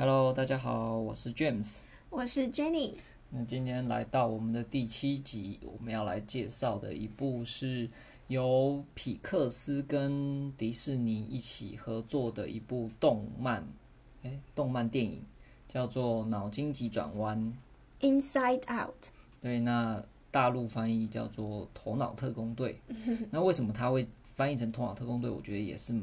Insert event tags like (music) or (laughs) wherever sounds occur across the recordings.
Hello，大家好，我是 James，我是 Jenny。那今天來到我們的第七集，我們要來介紹的一部是由皮克斯跟迪士尼一起合作的一部動漫，哎，動漫電影叫做《腦筋急轉彎》（Inside Out）。對，那大陸翻譯叫做《頭腦特工隊》。 (laughs) 那為什麼它會翻譯成《頭腦特工隊》？我覺得也是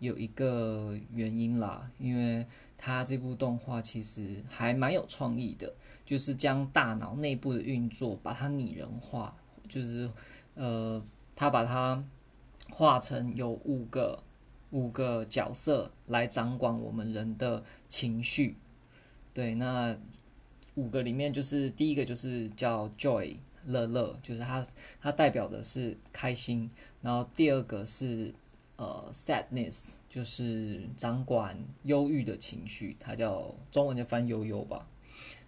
有一個原因啦，因為，它這部動畫其實還蠻有創意的，就是將大腦內部的運作把它擬人化，就是，呃，它把它畫成有五個五個角色來掌管我們人的情緒，對，那五個裡面就是第一個就是叫 Joy 樂樂，就是它它代表的是開心，然後第二個是。呃、uh，sadness 就是掌管憂鬱的情緒，它叫中文就翻憂憂吧。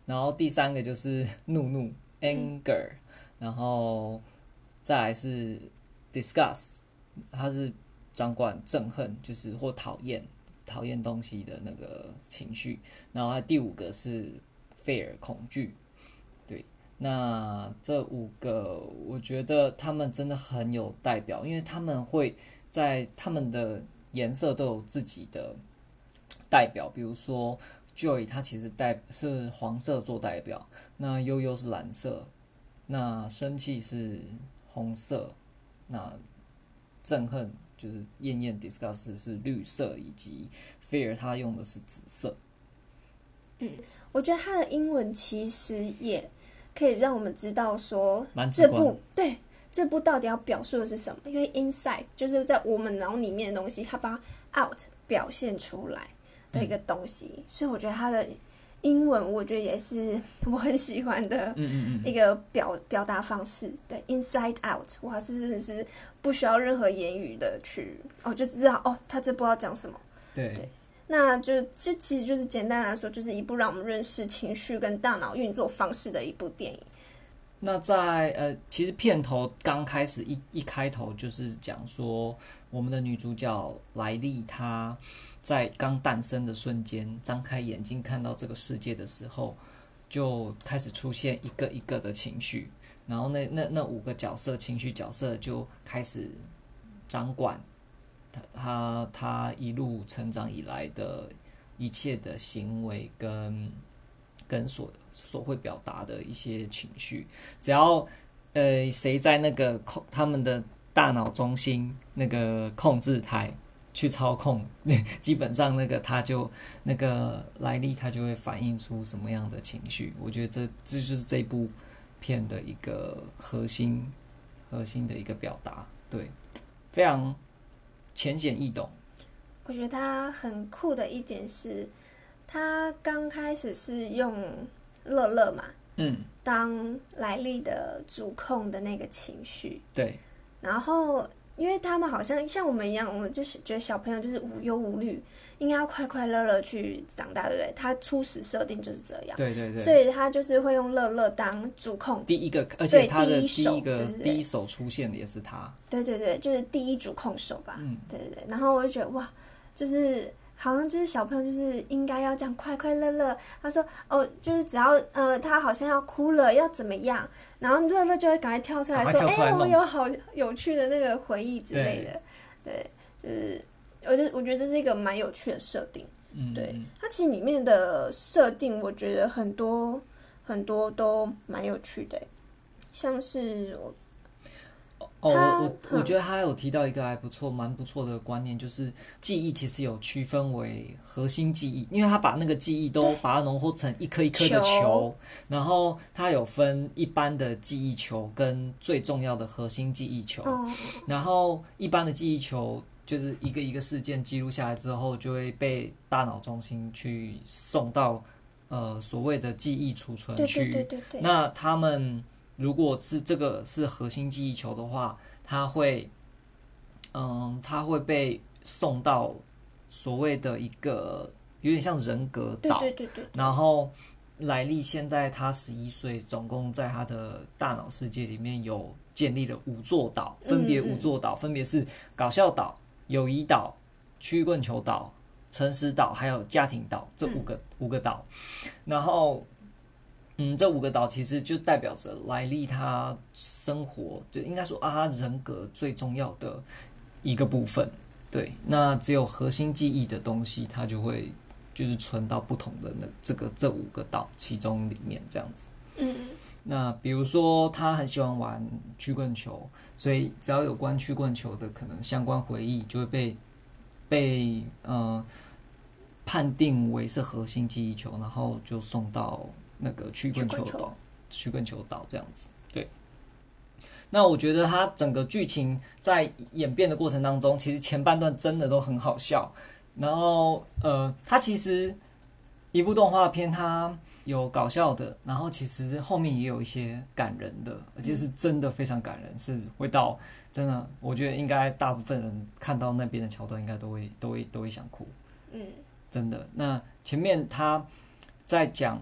然後第三個就是怒怒 （anger），嗯、然後再來是 disgust，它是掌管憎恨，就是或討厭、討厭東西的那個情緒。然後還第五個是 fear，恐懼。對，那這五個我覺得他們真的很有代表，因為他們會。在他們的顏色都有自己的代表，比如說 Joy，它其實代是黃色做代表；那憂憂是藍色，那生氣是紅色，那憎恨就是厭厭 Disgust 是綠色，以及 Fear，他用的是紫色。嗯，我覺得他的英文其實也可以讓我們知道說這部對。這部到底要表述的是什麼？因為 inside 就是在我們腦裡面的東西，它把 out 表現出來的一個東西，對所以我覺得它的英文，我覺得也是我很喜歡的一個表嗯嗯嗯表達方式。對，inside out，我還是是，是，是不需要任何言語的去哦，就知道哦，他這部要講什麼。對，對，那就這其實就是簡單來說，就是一部讓我們認識情緒跟大腦運作方式的一部電影。那在呃，其實片頭剛開始一一開頭就是講說，我們的女主角萊莉她在剛誕生的瞬間，張開眼睛看到這個世界的時候，就開始出現一個一個的情緒，然後那那那五個角色情緒角色就開始掌管她她她一路成長以來的一切的行為跟。跟所所會表達的一些情緒，只要呃誰在那個控他們的大腦中心那個控制台，去操控，基本上那個他就，那個萊莉，他就會反映出什麼樣的情緒。我覺得這這就是這部片的一個核心核心的一個表達，對，非常淺顯易懂。我覺得他很酷的一點是。他剛開始是用樂樂嘛，嗯，當萊莉的主控的那個情緒，對。然後，因為他們好像像我們一樣，我們就是覺得小朋友就是無憂無慮，應該要快快樂樂去長大，對不對？他初始設定就是這樣，對對對。所以他就是會用樂樂當主控，第一個，而且對他的第一個對對對第一手出現的也是他，對對對，就是第一主控手吧，嗯，對對對。然後我就覺得哇，就是。好像就是小朋友，就是應該要這樣快快樂樂。他說：“哦，就是只要呃，他好像要哭了，要怎麼樣？”然後樂樂就會趕快跳出來說：“哎、欸，我們有好有趣的那個回憶之類的。對”對，就是，我就我覺得這是一個蠻有趣的設定。嗯，對，嗯、它其實裡面的設定，我覺得很多很多都蠻有趣的、欸，像是。我哦，他我我覺得他有提到一個還不錯、蠻不錯的觀念，就是記憶其實有區分為核心記憶，因為他把那個記憶都把它濃縮成一顆一顆的球，球然後他有分一般的記憶球跟最重要的核心記憶球。嗯，然後一般的記憶球就是一個一個事件記錄下來之後，就會被大腦中心去送到呃所謂的記憶儲存區。對，對對對對對，那他們。如果是這個是核心記憶球的話，它會，嗯，它會被送到所謂的一個有點像人格島，對對對對，然後萊利現在他十一歲，總共在他的大腦世界裡面有建立了五座島，分別五座島分別是搞笑島、嗯嗯友誼島、曲棍球島、誠實島，還有家庭島這五個、嗯、五個島，然後。嗯，這五個島其實就代表着萊莉他生活，就應該說啊，他人格最重要的一個部分。對，那只有核心記憶的東西，它就會就是存到不同的那個、這個這五個島其中裡面這樣子。嗯，那比如說他很喜歡玩曲棍球，所以只要有關曲棍球的可能相關回憶，就會被被呃判定為是核心記憶球，然後就送到。那個曲棍球，曲棍球這樣子，對。那我覺得它整個劇情在演變的過程當中，其實前半段真的都很好笑。然後，呃，它其實一部動畫片，它有搞笑的，然後其實後面也有一些感人的，而且是真的非常感人，是回到真的，我覺得應該大部分人看到那邊的橋段，應該都，都會都會都會想哭。嗯，真的。那前面他在講。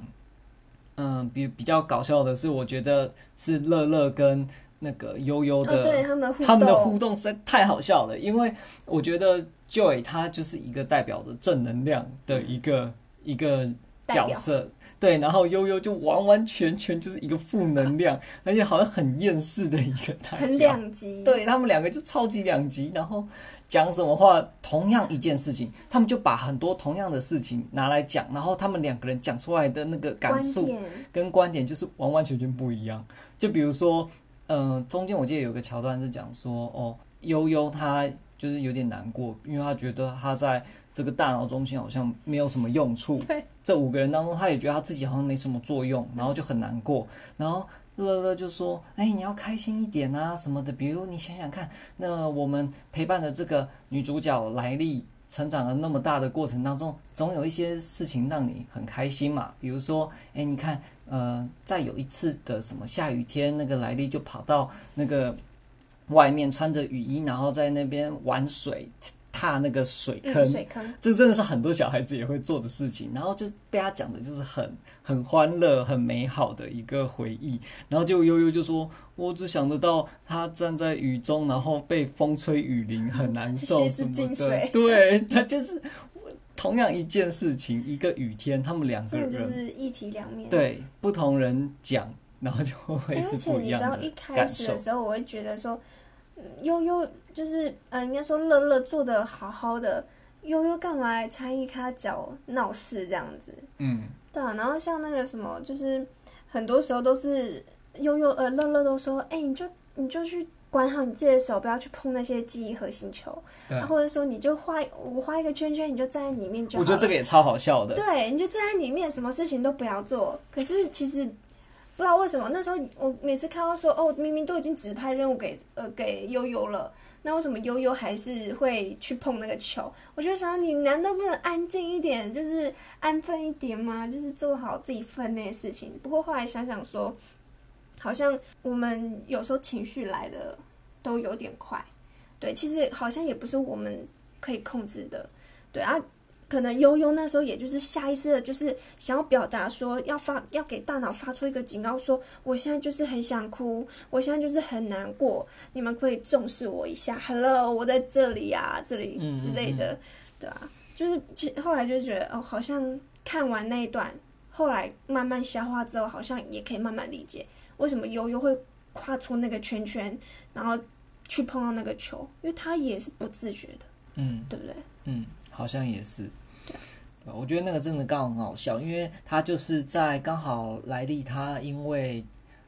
嗯，比比較搞笑的是，我覺得是樂樂跟那個悠悠的，哦、對他們互動，他們的互動實在太好笑了。因為我覺得 Joy 他就是一個代表着正能量的一個、嗯、一個角色，表對，然後悠悠就完完全全就是一個負能量， (laughs) 而且好像很厭世的一個態度，很兩極，對，他們兩個就超級兩極，然後。講什麼話？同樣一件事情，他們就把很多同樣的事情拿來講，然後他們兩個人講出來的那個感觸跟觀點就是完完全全不一樣。就比如說，嗯、呃，中間我記得有個橋段是講說，哦，悠悠他就是有點難過，因為他覺得他在這個大腦中心好像沒有什麼用處。對這五個人當中，他也覺得他自己好像沒什麼作用，然後就很難過，然後。樂樂就說：“哎、欸，你要開心一點啊，什麼的。比如你想想看，那我們陪伴的這個女主角萊莉成長了那麼大的過程當中，總有一些事情讓你很開心嘛。比如說，哎、欸，你看，呃，再有一次的什麼下雨天，那個萊莉就跑到那個外面，穿着雨衣，然後在那邊玩水。”踏那個水坑，嗯、水坑，這真的是很多小孩子也會做的事情。然後就被他講的，就是很很歡樂、很美好的一個回憶。然後就悠悠就說，我只想得到他站在雨中，然後被風吹雨淋，很難受什麼，鞋子進水。對，那就是 (laughs) 我同樣一件事情，一個雨天，他們兩個人這個就是一體兩面。對，不同人講，然後就會是不一樣的感受，然後而且你知道，一開始的時候，我會覺得說。悠悠就是，呃，應該說樂樂做得好好的，悠悠幹嘛來插一腳鬧事這樣子？嗯，對、啊。然後像那個什麼，就是很多時候都是悠悠呃樂樂都說，哎、欸，你就你就去管好你自己的手，不要去碰那些記憶核心球。對、啊。或者說，你就畫我畫一個圈圈，你就站在裡面就好。我覺得這個也超好笑的。對，你就站在裡面，什麼事情都不要做。可是其實。不知道為什麼那時候我每次看到說哦，明明都已經指派任務給呃給憂憂了，那為什麼憂憂還是會去碰那個球？我就想你難道不能安靜一點，就是安分一點嗎？就是做好自己分內的事情。不過後來想想說，好像我們有時候情緒來的都有點快，對，其實好像也不是我們可以控制的，對啊。可能悠悠那時候也就是下意識的，就是想要表達說，要發要給大腦發出一個警告說，說我現在就是很想哭，我現在就是很難過，你們可以重視我一下。Hello，我在這裡呀、啊，這裡之類的，嗯嗯、對吧？就是其後來就覺得，哦，好像看完那一段，後來慢慢消化之後，好像也可以慢慢理解為什麼悠悠會跨出那個圈圈，然後去碰到那個球，因為她也是不自覺的，嗯，對不對？嗯。好像也是，對，我覺得那個真的剛好很好笑，因為他就是在剛好萊利他因為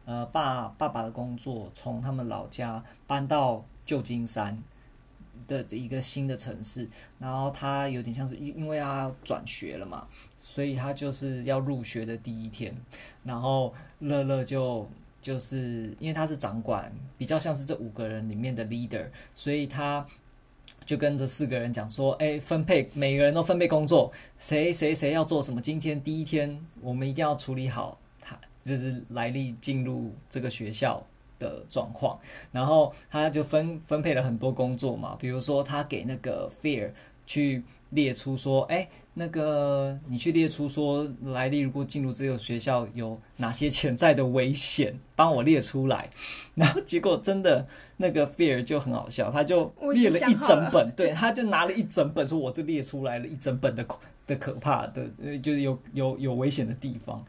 呃爸爸爸的工作從他們老家搬到舊金山的一個新的城市，然後他有點像是因為他要轉學了嘛，所以他就是要入學的第一天，然後樂樂就就是因為他是掌管，比較像是這五個人裡面的 leader，所以他。就跟這四個人講說，哎、欸，分配每個人都分配工作，誰誰誰要做什麼？今天第一天，我們一定要處理好，他就是萊莉進入這個學校的狀況。然後他就分分配了很多工作嘛，比如說他給那個 Fear 去列出說，哎、欸。那個，你去列出說，萊利如果進入這個學校有哪些潛在的危險，幫我列出來。然後結果真的，那個 fear 就很好笑，他就列了一整本，對，他就拿了一整本說我這列出來了一整本的的可怕的，就是有有有危險的地方，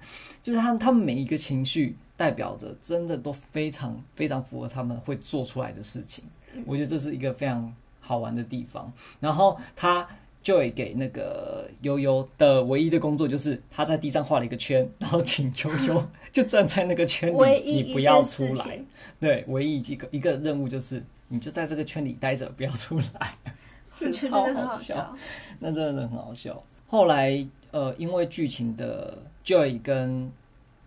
就是他們他們每一個情緒代表着真的都非常非常符合他們會做出來的事情，我覺得這是一個非常好玩的地方。然後他。Joy 給那個悠悠的唯一的工作就是他在地上畫了一個圈，然後請悠悠就站在那個圈裡， (laughs) 一一你不要出來。對，唯一一個一個任務就是你就在這個圈裡待着，不要出來。真的很好笑，那真的是很好笑。後來呃，因為劇情的 Joy 跟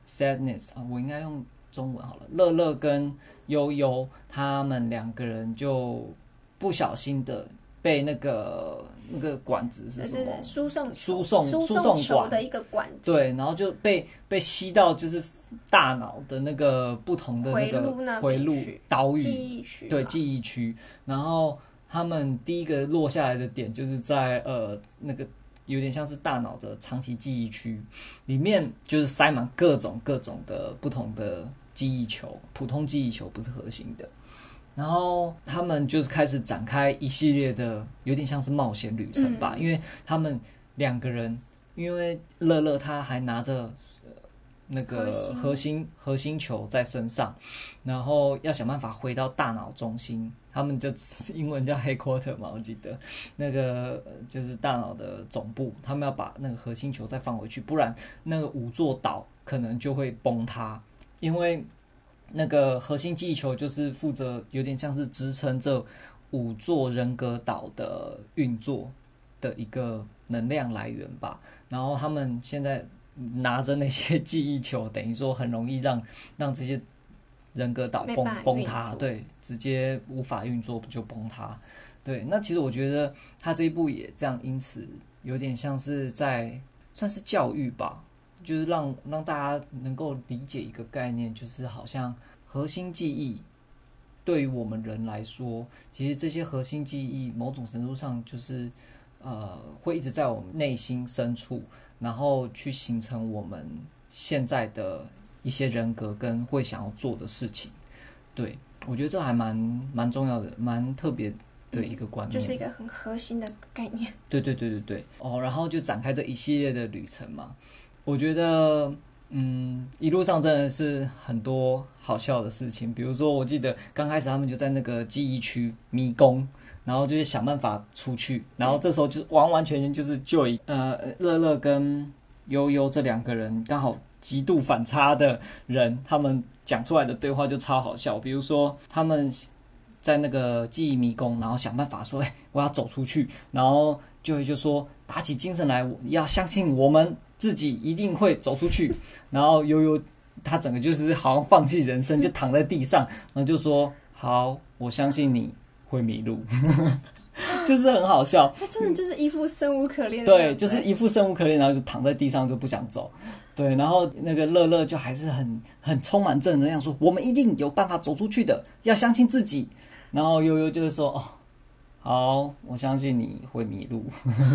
Sadness 啊，我應該用中文好了。樂樂跟悠悠他們兩個人就不小心的被那個。那個管子是什麼？輸送輸送輸送球的一個管子。對，然後就被被吸到，就是大腦的那個不同的那個回路、島嶼、記憶區啊、對，記憶區。然後他們第一個落下來的點就是在呃那個有點像是大腦的長期記憶區裡面，就是塞滿各種各種的不同的記憶球，普通記憶球不是核心的。然後他們就是開始展開一系列的，有點像是冒險旅程吧。嗯、因為他們兩個人，因為樂樂他還拿着、呃、那個核心核心球在身上，然後要想辦法回到大腦中心，他們就英文叫 “headquarter” 嘛，我記得那個就是大腦的總部。他們要把那個核心球再放回去，不然那個五座島可能就會崩塌，因為。那個核心記憶球就是負責，有點像是支撐這五座人格島的運作的一個能量來源吧。然後他們現在拿着那些記憶球，等於說很容易讓讓這些人格島崩崩塌，對，直接無法運作不就崩塌。對，那其實我覺得他這一步也這樣，因此有點像是在算是教育吧。就是讓讓大家能夠理解一個概念，就是好像核心記憶對於我們人來說，其實這些核心記憶某種程度上就是呃會一直在我們內心深處，然後去形成我們現在的一些人格跟會想要做的事情。對，我覺得這還蠻蠻重要的，蠻特別的一個觀念，嗯，就是一個很核心的概念。對對對對對哦，然後就展開這一系列的旅程嘛。我覺得，嗯，一路上真的是很多好笑的事情。比如說，我記得剛開始他們就在那個記憶區迷宮，然後就是想辦法出去。然後這時候就完完全全就是 Joy、嗯、呃樂樂跟悠悠這兩個人剛好極度反差的人，他們講出來的對話就超好笑。比如說，他們在那個記憶迷宮，然後想辦法說：“哎，我要走出去。”然後 Joy 就說：“打起精神來，我要相信我們。”自己一定會走出去，然後悠悠，他整個就是好像放棄人生，就躺在地上，然後就說：“好，我相信你會迷路， (laughs) 就是很好笑。”他真的就是一副生無可戀。對，就是一副生無可戀，然後就躺在地上就不想走。對，然後那個樂樂就還是很很充滿正能量，說：“我們一定有辦法走出去的，要相信自己。”然後悠悠就是說：“哦。”好，我相信你會迷路，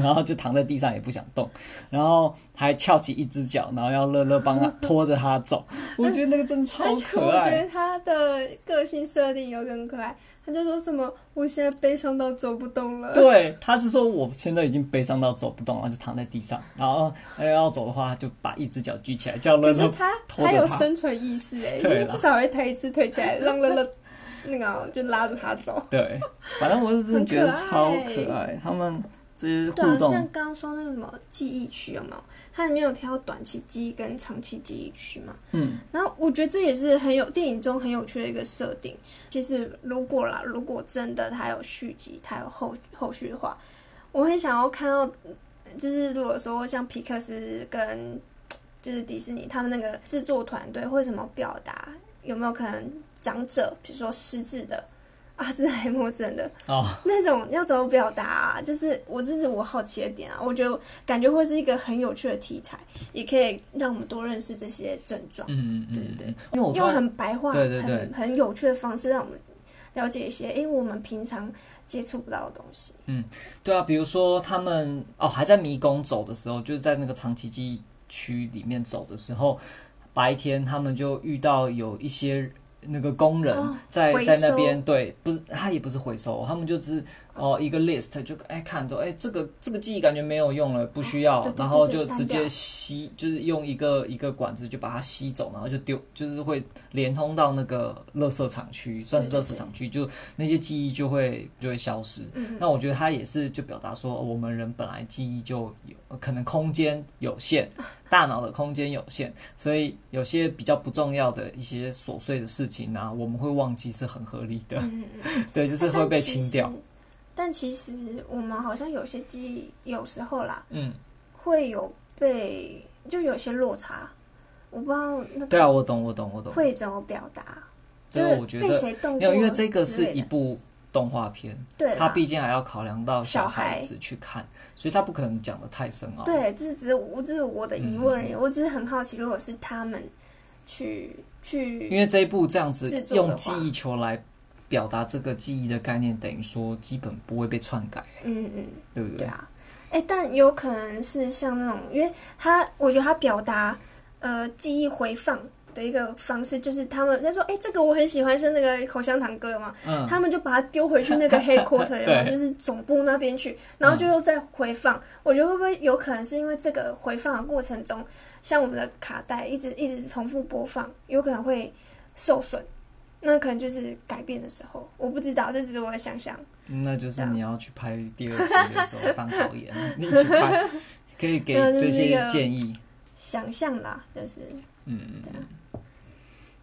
然後就躺在地上也不想動，然後還翹起一隻腳，然後要樂樂幫他 (laughs) 拖着他走。我覺得那個真的超可愛。我覺得他的個性設定有點可愛。他就說什麼，我現在悲傷到走不動了。對，他是說我現在已經悲傷到走不動了，然後就躺在地上。然後、哎、要走的話，他就把一隻腳舉起來，叫樂樂，可是他拖着他。他還有生存意識誒， (laughs) 啦因為至少會抬一次腿起來，讓樂樂。 (laughs) 那個就拉着他走，對，反正我是覺得超可愛，可愛他們這些互動。對啊，像剛剛說那個什麼記憶區有沒有？它裡面有提到短期記憶跟長期記憶區嘛。嗯。然後我覺得這也是很有電影中很有趣的一個設定。其實如果啦，如果真的他有續集，他有後後續的話，我很想要看到，就是如果說像皮克斯跟就是迪士尼他們那個製作團隊會怎麼表達，有沒有可能？長者，比如說失智的啊，自閉症的啊，oh. 那種要怎麼表達啊？就是我這是我好奇的點啊，我覺得感覺會是一個很有趣的題材，也可以讓我們多認識這些症狀。嗯嗯嗯，對對，用很白話、對對對，對很，很有趣的方式讓我們了解一些，哎、欸，我們平常接觸不到的東西。嗯，對啊，比如說他們哦，還在迷宮走的時候，就是在那個長期記憶區裡面走的時候，白天他們就遇到有一些。那個工人在收在那邊，對，不是他也不是回收，他們就只是。哦，oh, 一個 list 就哎看着哎，這個這個記憶感覺沒有用了，不需要，哦、對對對，然後就直接吸，對對對，就是用一個一個管子就把它吸走，然後就丟，就是會連通到那個垃圾場區，算是垃圾場區，對對對，就那些記憶就會就會消失。嗯、哼那我覺得它也是就表達說，我們人本來記憶就有可能空間有限，大腦的空間有限， (laughs) 所以有些比較不重要的一些瑣碎的事情啊，我們會忘記是很合理的。嗯、哼 (laughs) 對，就是會被清掉。哎但其實我們好像有些記憶，有時候啦，嗯，會有被就有些落差，我不知道、那個。對啊，我懂，我懂，我懂。會怎麼表達？對就是被誰動過？因為這個是一部動畫片，對啦，他畢竟還要考量到小孩子去看，孩所以他不可能講得太深奧。對，這只是我只是我的疑問而已，嗯、我只是很好奇，如果是他們去去，因為這一部這樣子用記憶球來。表達這個記憶的概念，等於說基本不會被篡改。嗯嗯，對不對？對啊，哎、欸，但有可能是像那種，因為他我覺得他表達呃記憶回放的一個方式，就是他們在說哎、欸，這個我很喜歡是那個口香糖歌嘛，嗯、他們就把它丟回去那個 headquarters， (laughs) 對就是總部那邊去，然後就又再回放。嗯、我覺得會不會有可能是因為這個回放的過程中，像我們的卡帶一直一直重複播放，有可能會受損。那可能就是改變的時候，我不知道，這只是我的想象，嗯。那就是你要去拍第二季的時候當導演， (laughs) 你一起拍，可以給這些建議。想象啦，就是嗯，樣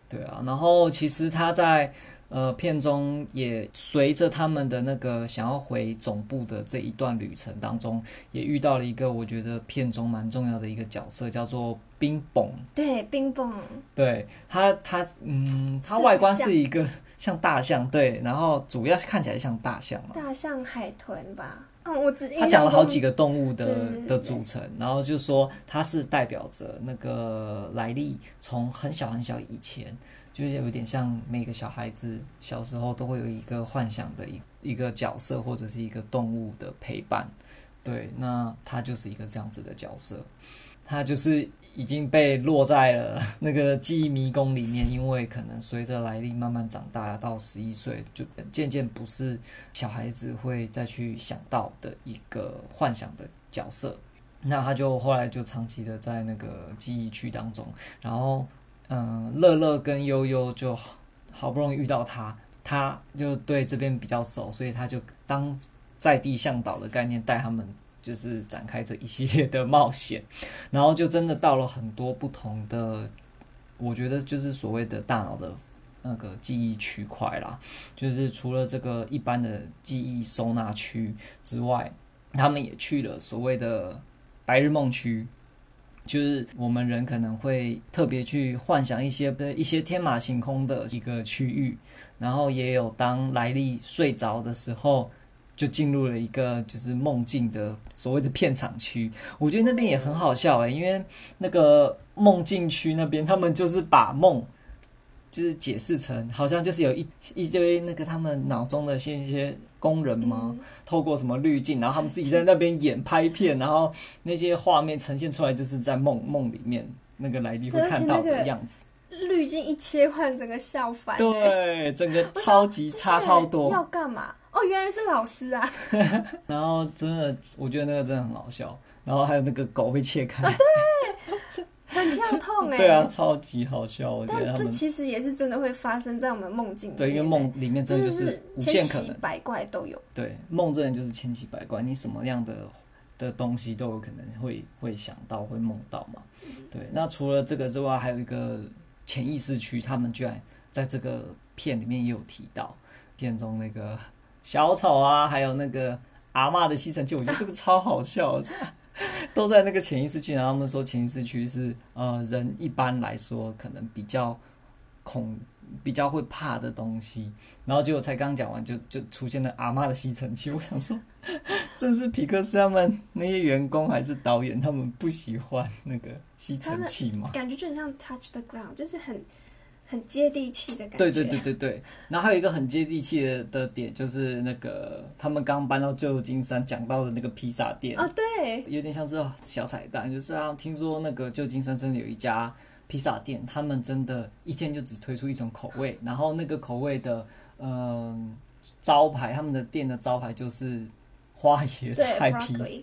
對啊。然後其實他在。呃，片中也隨着他們的那個想要回總部的這一段旅程當中，也遇到了一個我覺得片中蠻重要的一個角色，叫做冰崩。對，冰崩。對，他他嗯，他外觀是一個是像，像大象，對，然後主要是看起來像大象嘛。大象海豚吧？嗯，我只他講了好幾個動物的對對對對的組成，然後就是說它是代表着那個來歷，從很小很小以前。就是有點像每個小孩子小時候都會有一個幻想的一一個角色或者是一個動物的陪伴，對，那他就是一個這樣子的角色，他就是已經被落在了那個記憶迷宮裡面，因為可能隨着萊莉慢慢長大到十一歲，就漸漸不是小孩子會再去想到的一個幻想的角色，那他就後來就長期的在那個記憶區當中，然後。嗯，樂樂跟憂憂就好不容易遇到他，他就對這邊比較熟，所以他就當在地嚮導的概念帶他們，就是展開這一系列的冒險，然後就真的到了很多不同的，我覺得就是所謂的大腦的那個記憶區塊啦，就是除了這個一般的記憶收納區之外，他們也去了所謂的白日夢區。就是我們人可能會特別去幻想一些的一些天馬行空的一個區域，然後也有當萊莉睡着的時候，就進入了一個就是夢境的所謂的片場區。我覺得那邊也很好笑誒、欸，因為那個夢境區那邊他們就是把夢。就是解釋成好像就是有一一堆那個他們腦中的些一些工人嗎？透過什麼濾鏡，然後他們自己在那邊演拍片，然後那些畫面呈現出來就是在夢夢裡面那個萊莉會看到的樣子。濾鏡一切換，整個笑翻、欸。對，整個超級差超多。要幹嘛？哦，原來是老師啊。 (laughs) 然後真的，我覺得那個真的很好笑。然後還有那個狗會切開。啊、對。 (laughs) 很跳痛哎、欸， (laughs) 對啊，超級好笑。我覺得，但這其實也是真的會發生在我們夢境裡面，對，因為夢裡面真的就是無限可能，千奇百怪都有。對，夢真的就是千奇百怪，你什麼樣的的東西都有可能會會想到會夢到嘛。對，那除了這個之外，還有一個潛意識區，他們居然在這個片裡面也有提到，片中那個小丑啊，還有那個阿嬤的吸塵器，我覺得這個超好笑。 (laughs) 都在那個潛意識區，然後他們說潛意識區是呃人一般來說可能比較恐、比較會怕的東西，然後結果才剛剛講完就就出現了阿嬤的吸塵器，我想說這是皮克斯他們那些員工還是導演他們不喜歡那個吸塵器嗎？感覺就很像 touch the ground，就是很。很接地氣的感覺。對對對對對，然後還有一個很接地氣的的點，就是那個他們剛搬到舊金山講到的那個披薩店啊，對，有點像是小彩蛋，就是、啊、聽說那個舊金山真的有一家披薩店，他們真的，一天就只推出一種口味，然後那個口味的，嗯，招牌，他們的店的招牌就是花椰菜披薩，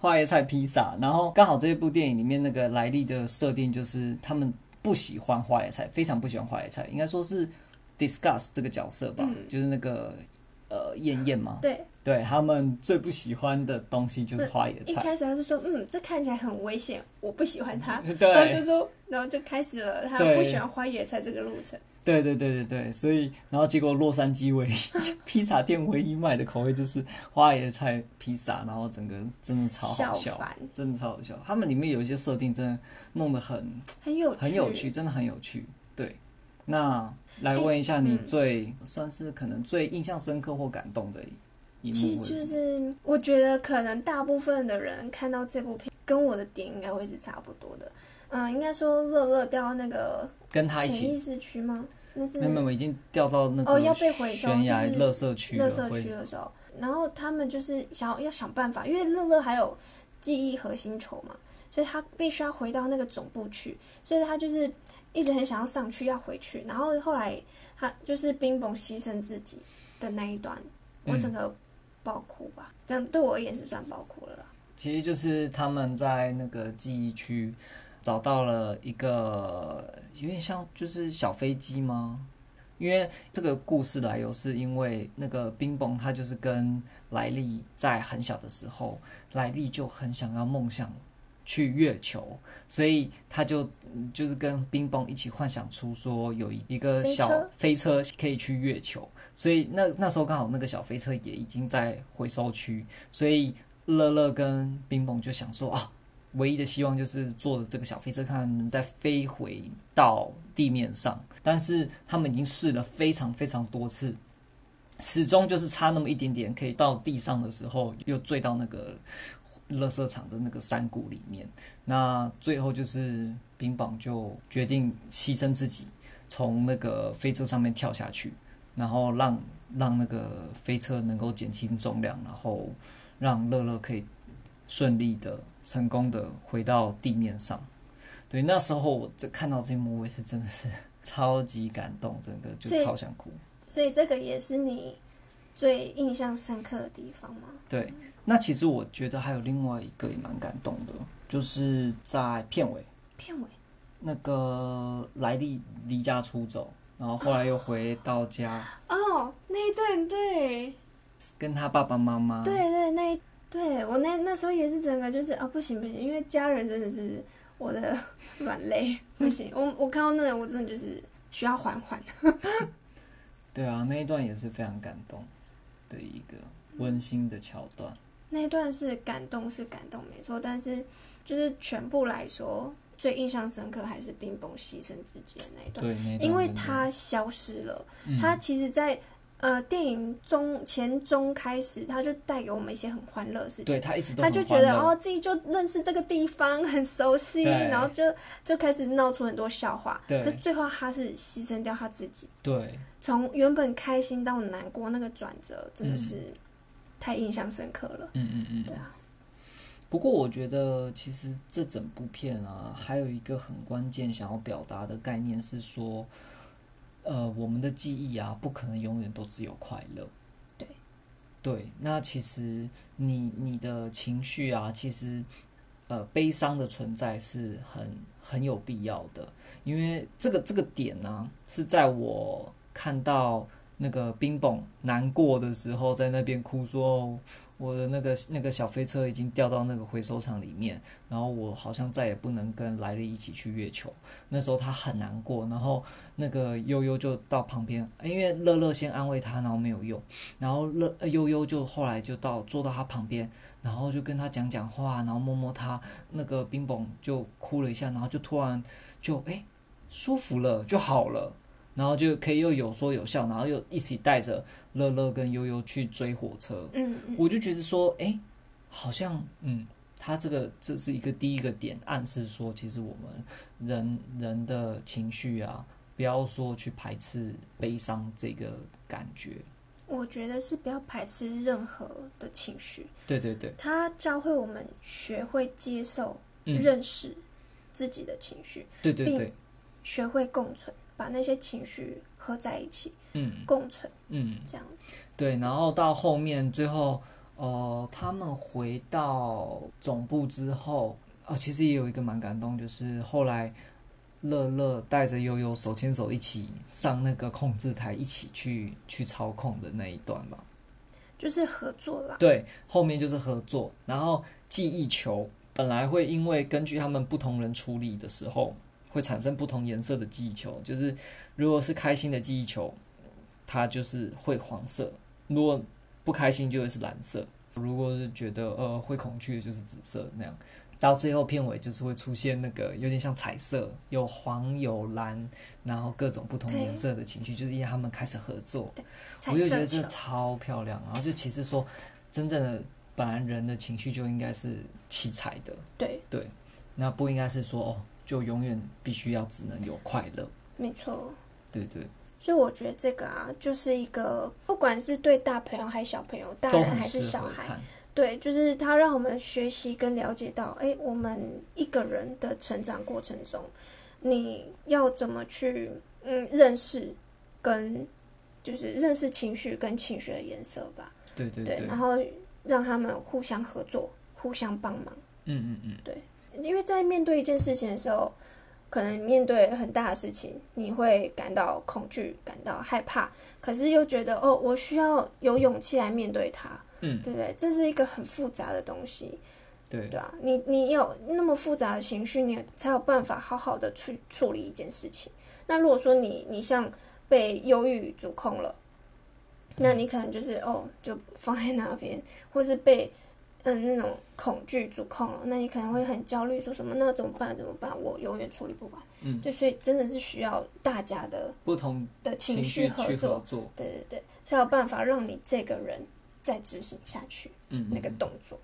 花椰菜披薩，然後剛好這一部電影裡面那個萊莉的設定就是他們。不喜歡花椰菜，非常不喜歡花椰菜。應該說是 discuss 這個角色吧，嗯、就是那個呃厭厭嘛。對，對他們最不喜歡的東西就是花椰菜。一開始他就說，嗯，這看起來很危險，我不喜歡它。對然後就說，然後就開始了，他不喜歡花椰菜這個路程。對對對對對，所以然後結果洛杉磯唯一 (laughs) 披薩店唯一賣的口味就是花椰菜披薩，然後整個真的超好笑，笑翻，真的超好笑。他們裡面有一些設定真的弄得很很有，很有趣，真的很有趣。對，那來問一下你最、欸，算是可能最印象深刻或感動的一幕，其實就是，是我覺得可能大部分的人看到這部片，跟我的點應該會是差不多的。嗯，應該說樂樂掉到那個潛意識區嗎？跟他一起那是他們已經掉到那個懸崖哦，要被回收就是垃圾區了，然後他們就是想要，要想辦法，因為樂樂還有記憶核心球嘛，所以他必須要回到那個總部去，所以他就是一直很想要上去要回去，然後後來他就是冰棒犧牲自己的那一段，我整個爆哭吧，嗯，這樣對我而言是算爆哭了啦。其實就是他們在那個記憶區。找到了一個有點像，就是小飛機嗎？因為這個故事來由是因為那個冰崩，他就是跟萊利在很小的時候，萊利就很想要夢想去月球，所以他就就是跟冰崩一起幻想出說有一個小飛車可以去月球，所以那那時候剛好那個小飛車也已經在回收區，所以樂樂跟冰崩就想說啊。唯一的希望就是坐著這個小飛車，看能再飛回到地面上。但是他們已經試了非常非常多次，始終就是差那麼一點點，可以到地上的時候又墜到那個垃圾場的那個山谷裡面。那最後就是冰棒就決定犧牲自己，從那個飛車上面跳下去，然後讓讓那個飛車能夠減輕重量，然後讓樂樂可以順利的。成功的回到地面上，對，那時候我這看到這一幕，我也是真的是超級感動，真的就超想哭所。所以這個也是你最印象深刻的地方嗎？對，那其實我覺得還有另外一個也蠻感動的，就是在片尾，片尾那個萊利離家出走，然後後來又回到家，哦，那一段對，跟他爸爸媽媽，對對那一。對，我那，那時候也是整個就是啊、哦、不行不行，因為家人真的是我的軟肋，不行，嗯、我我看到那個、我真的就是需要緩緩。 (laughs) 對啊，那一段也是非常感動的一個溫馨的橋段。那一段是感動，是感動，沒錯，但是就是全部來說，最印象深刻還是冰棒犧牲自己的那一段，一段因為他消失了，他、嗯、其實，在。呃，電影中前中開始，他就帶給我們一些很歡樂的事情。對他一直都，他就覺得哦，自己就認識這個地方，很熟悉，對然後就就開始鬧出很多笑話。對，可是最後他是犧牲掉他自己。對，從原本開心到難過，那個轉折真的是太印象深刻了。嗯嗯嗯，對啊。不過我覺得，其實這整部片啊，還有一個很關鍵想要表達的概念是說。呃，我們的記憶啊，不可能永遠都只有快樂，對，對。那其實你你的情緒啊，其實呃，悲傷的存在是很很有必要的，因為這個這個點呢、啊，是在我看到那個冰棒難過的時候，在那邊哭說我的那個那個小飛車已經掉到那個回收場裡面，然後我好像再也不能跟萊莉一起去月球。那時候他很難過，然後那個憂憂就到旁邊，因為樂樂先安慰他，然後沒有用，然後樂、呃、憂憂就後來就到坐到他旁邊，然後就跟他講講話，然後摸摸他那個冰棒，就哭了一下，然後就突然就哎舒服了就好了。然後就可以又有說有笑，然後又一起帶着樂樂跟憂憂去追火車。嗯，我就覺得說，哎，好像嗯，他這個這是一個第一個點，暗示說其實我們人人的情緒啊，不要說去排斥悲傷這個感覺。我覺得是不要排斥任何的情緒。對對對，他教會我們學會接受、認識自己的情緒，嗯、對對對，學會共存。把那些情緒合在一起，嗯，嗯，共存，嗯，這樣。對，然後到後面最後，呃，他們回到總部之後，啊、哦，其實也有一個蠻感動，就是後來樂樂帶着悠悠手牽手，牽手一起上那個控制台，一起去去操控的那一段吧，就是合作了。對，後面就是合作，然後記憶球本來會因為根據他們不同人處理的時候。會產生不同顏色的記憶球，就是如果是開心的記憶球，它就是會黃色；如果不開心就會是藍色；如果是覺得呃會恐懼的就是紫色那樣。到最後片尾就是會出現那個有點像彩色，有黃有藍，然後各種不同顏色的情緒，對就是因為他們開始合作，我就覺得這超漂亮。然後就其實說，真正的本來人的情緒就應該是七彩的，對對，那不應該是說哦。就永遠必須要只能有快樂，沒錯，對對。所以我覺得這個啊，就是一個不管是對大朋友還是小朋友，大人還是小孩，對，就是他讓我們學習跟了解到，哎，我們一個人的成長過程中，你要怎麼去嗯認識跟就是認識情緒跟情緒的顏色吧，對對對，然後讓他們互相合作，互相幫忙，嗯嗯嗯，對。因為在面對一件事情的時候，可能面對很大的事情，你會感到恐懼、感到害怕，可是又覺得哦，我需要有勇氣來面對它，嗯，對不對？這是一個很複雜的東西，對對吧？你你有那麼複雜的情緒，你才有辦法好好的去處理一件事情。那如果說你你像被憂鬱主控了，那你可能就是哦，就放在那邊，或是被。嗯，那，那種恐懼主控了，那你可能會很焦慮，說什麼那怎麼辦？怎麼辦？我永遠處理不完。嗯，對，所以真的是需要大家的不同的情緒合作，合作對對對，才有辦法讓你這個人再執行下去。嗯，嗯，那個動作，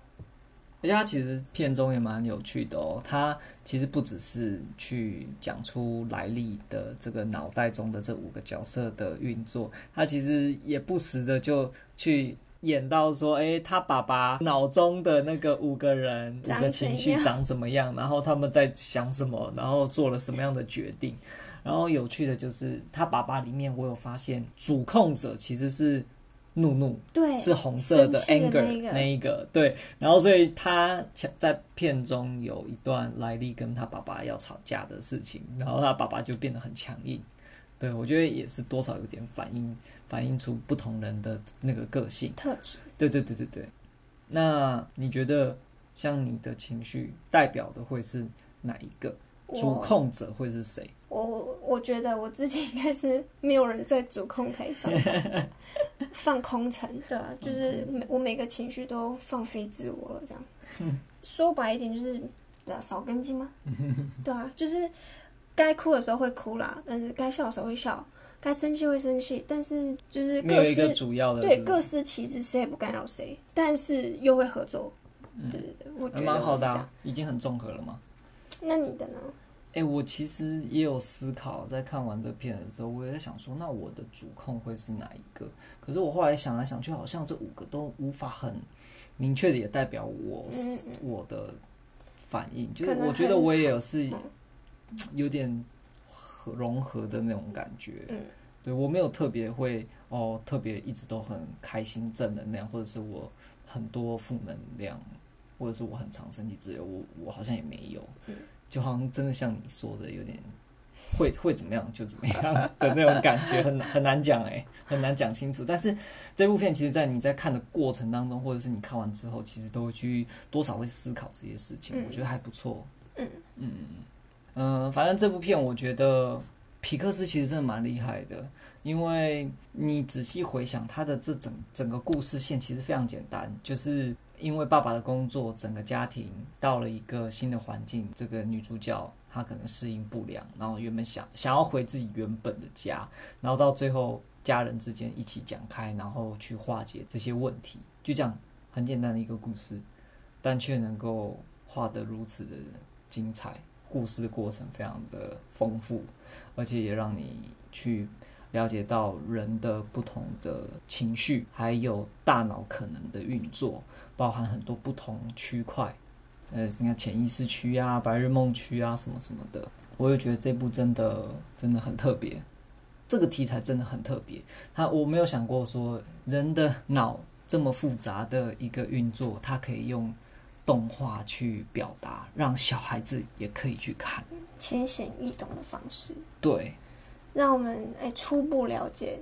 而且他其實片中也蠻有趣的哦、喔。他其實不只是去講出萊莉的這個腦袋中的這五個角色的運作，他其實也不時的就去。演到說，誒、欸，他爸爸腦中的那個五個人，五個情緒長怎麼樣？然後他們在想什麼？然後做了什麼樣的決定？然後有趣的就是，他爸爸裡面我有發現，主控者其實是怒怒，對，是紅色的 anger、那個、那一個，對。然後所以他在片中有一段萊利跟他爸爸要吵架的事情，然後他爸爸就變得很強硬，對，我覺得也是多少有點反應，反映出不同人的那個個性特質。對對對對對，那你覺得像你的情緒代表的會是哪一個？我主控者會是誰？我我覺得我自己應該是沒有人在主控台上放空城， (laughs) 空城對啊，就是我每個情緒都放飛自我了，這樣 Okay. 說白一點就是對啊，少根筋嗎？ (laughs) 對啊，就是該哭的時候會哭啦，但是該笑的時候會笑。該生氣會生氣，但是就是沒有一個主要的，是不是？對，各司其職，誰也不干擾誰，但是又會合作。嗯、對對對，我覺得蠻好的，啊，已經很綜合了嘛。那你的呢？誒、欸，我其實也有思考，在看完這片的時候，我也在想說，那我的主控會是哪一個？可是我後來想來想去，好像這五個都無法很明確的也代表我，嗯嗯、我的反應，就是我覺得我也是有點。嗯嗯融合的那種感覺，嗯，對我沒有特別會哦、呃，特別一直都很開心、正能量，或者是我很多負能量，或者是我很長身體自由，我我好像也沒有，就好像真的像你說的，有點會會怎麼樣就怎麼樣的那種感覺，很很難講哎，很難講、欸、清楚。但是這部片其實，在你在看的過程當中，或者是你看完之後，其實都會去多少會思考這些事情，嗯、我覺得還不錯，嗯嗯。嗯、呃，反正這部片我覺得皮克斯其實真的蠻厲害的，因為你仔細回想，他的這整整個故事線其實非常簡單，就是因為爸爸的工作，整個家庭到了一個新的環境，這個女主角她可能適應不良，然後原本想想要回自己原本的家，然後到最後家人之間一起講開，然後去化解這些問題，就這樣很簡單的一個故事，但卻能夠畫得如此的精彩。故事的過程非常的豐富，而且也讓你去了解到人的不同的情緒，還有大腦可能的運作，包含很多不同區塊，呃，你看潛意識區啊、白日夢區啊什麼什麼的，我又覺得這部真的真的很特別，這個題材真的很特別。它，我沒有想過說人的腦這麼複雜的一個運作，它可以用。動畫去表達，讓小孩子也可以去看，淺顯、嗯、易懂的方式，對，讓我們哎、欸、初步了解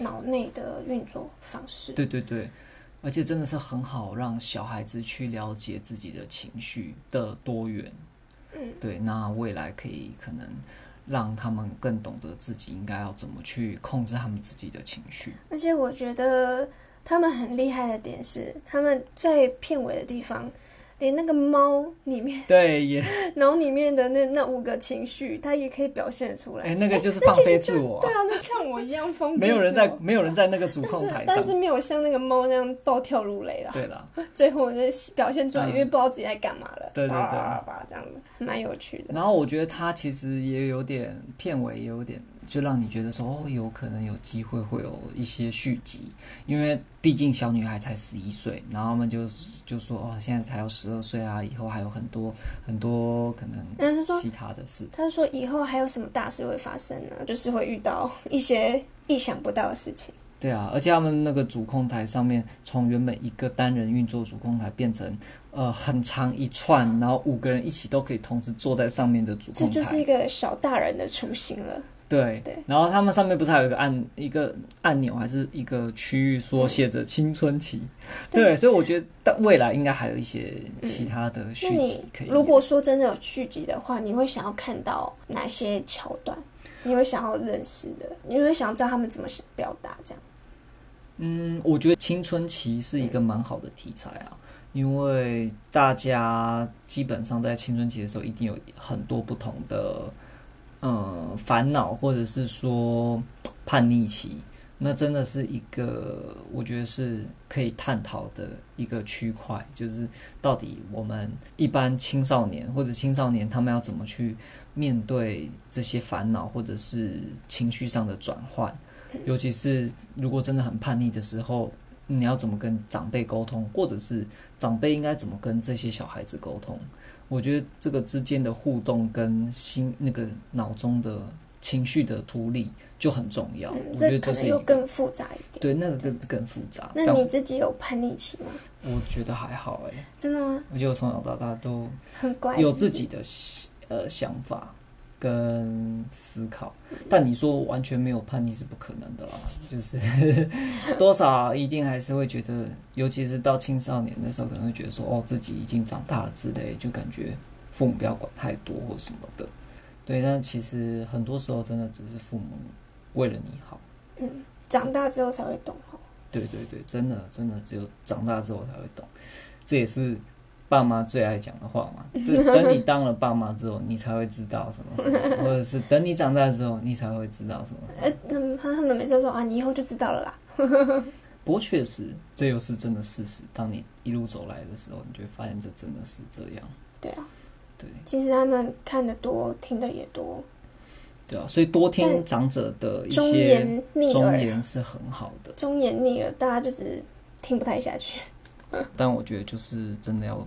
腦內的運作方式，對對對，而且真的是很好讓小孩子去了解自己的情緒的多元，嗯，對，那未來可以可能讓他們更懂得自己應該要怎麼去控制他們自己的情緒，而且我覺得他們很厲害的點是他們在片尾的地方。連、欸、那個貓裡面，對，也腦裡面的那那五個情緒，它也可以表現出來。哎、欸，那個就是放飛自我、啊欸就，對啊，那像我一樣放飛。沒有人在沒有人在那個主控台，但是，但是沒有像那個貓那樣暴跳如雷了。對啦，最後就表現出來，嗯、因為不知道自己在幹嘛了，對對對、啊啊啊啊啊。這樣子，蠻有趣的。然後我覺得他其實也有點片尾也有點。就讓你覺得說哦，有可能有機會會有一些續集，因為畢竟小女孩才十一歲，然後他們就就說哦，現在才要十二歲啊，以後還有很多很多可能。但是說其他的事，他說，他說以後還有什麼大事會發生呢？就是會遇到一些意想不到的事情。對啊，而且他們那個主控台上面，從原本一個單人運作主控台，變成呃很長一串，然後五個人一起都可以同時坐在上面的主控台，這就是一個小大人的雛形了。對，然後他們上面不是還有一個按，一個按鈕，還是一個區域，說寫着青春期。嗯、對，對，所以我覺得未來應該還有一些其他的續集可以。嗯、那你如果說真的有續集的話，你會想要看到哪些橋段？你會想要認識的？你會想要知道他們怎麼表達這樣？嗯，我覺得青春期是一個蠻好的題材啊，嗯、因為大家基本上在青春期的時候，一定有很多不同的。呃，煩惱、嗯、或者是說叛逆期，那真的是一個我覺得是可以探討的一個區塊，就是到底我們一般青少年或者青少年他們要怎麼去面對這些煩惱或者是情緒上的轉換，尤其是如果真的很叛逆的時候，你要怎麼跟長輩溝通，或者是長輩應該怎麼跟這些小孩子溝通？我覺得這個之間的互動跟心那個腦中的情緒的處理就很重要。嗯，我覺得這是一個，嗯，更複雜一點。對，那個更更複雜。那你自己有叛逆期嗎？我覺得還好哎，欸。真的嗎？我覺得我從小到大都很乖，有自己的是是呃想法。跟思考。但你說完全沒有叛逆是不可能的啦，就是 (laughs) 多少一定還是會覺得，尤其是到青少年的時候，可能會覺得說，哦，自己已經長大了之類，就感覺父母不要管太多或什麼的。對，但其實很多時候真的只是父母為了你好。嗯，長大之後才會懂。對對對，真的真的只有長大之後才會懂，這也是。爸媽最愛講的話嘛，是等你當了爸媽之後，你才會知道什麼； (laughs) 或者是等你長大之後，你才會知道什麼。哎、欸，他們他們每次都說啊，你以後就知道了啦。 (laughs) 不過確實，這又是真的事實。當你一路走來的時候，你就會發現這真的是這樣。對啊，對，其實他們看得多，聽得也多。對啊，所以多聽長者的一些忠言逆耳是很好的。忠言逆耳，大家就是聽不太下去。 (laughs) 但我覺得，就是真的要。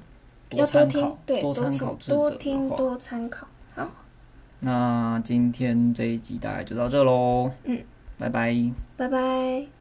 多參考要多聽，對，多，多聽，多聽，多參考。好，那今天這一集大概就到這嘍。嗯，拜拜，拜拜。